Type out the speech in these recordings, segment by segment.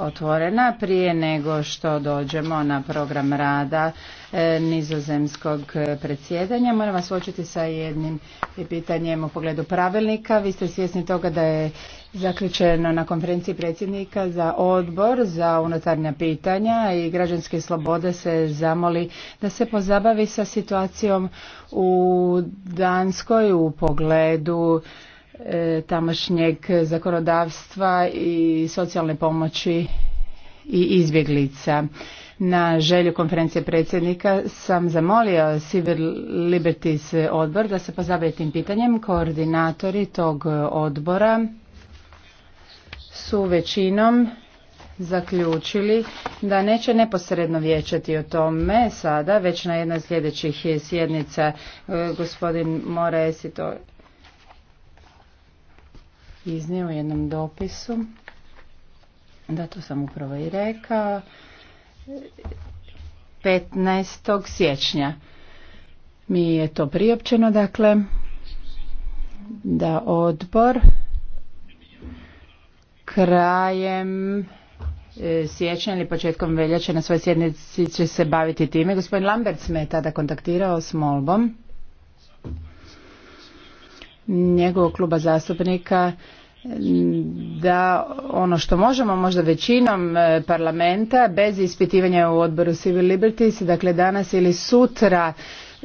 otvorena prije nego što dođemo na program rada e, nizozemskog predsjedanja. Moram vas očiti sa jednim pitanjem u pogledu pravilnika. Vi ste svjesni toga da je zaključeno na konferenciji predsjednika za odbor za unutarnja pitanja i građanske slobode se zamoli da se pozabavi sa situacijom u Danskoj u pogledu E, tamošnjeg zakonodavstva i socijalne pomoći i izbjeglica. Na želju konferencije predsjednika sam zamolio Civil Liberties odbor da se pozabavi tim pitanjem. Koordinatori tog odbora su većinom zaključili da neće neposredno vječati o tome sada, već na jednoj sljedećih sjednica e, gospodin Mora to iznio u jednom dopisu, da to sam upravo i rekao, 15. siječnja. Mi je to priopćeno, dakle, da odbor krajem e, siječnja ili početkom veljače na svojoj sjednici će se baviti time. Gospodin Lambert me je tada kontaktirao s molbom njegovog kluba zastupnika da ono što možemo možda većinom e, parlamenta bez ispitivanja u odboru Civil Liberties, dakle danas ili sutra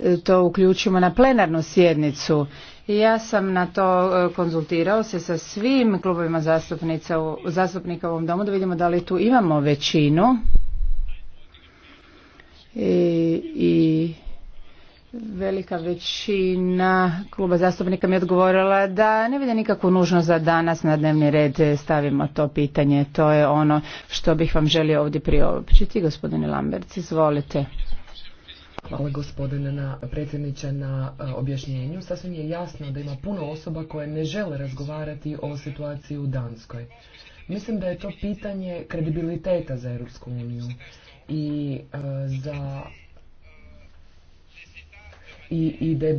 e, to uključimo na plenarnu sjednicu. Ja sam na to e, konzultirao se sa svim klubovima zastupnika u ovom domu da vidimo da li tu imamo većinu i, i Velika većina kluba zastupnika mi je odgovorila da ne vide nikakvu nužnost za danas na dnevni red stavimo to pitanje. To je ono što bih vam želio ovdje priopćiti. Gospodine Lamberci. izvolite. Hvala gospodine na, predsjedniče na objašnjenju. Sasvim je jasno da ima puno osoba koje ne žele razgovarati o situaciji u Danskoj. Mislim da je to pitanje kredibiliteta za Europsku uniju i za i je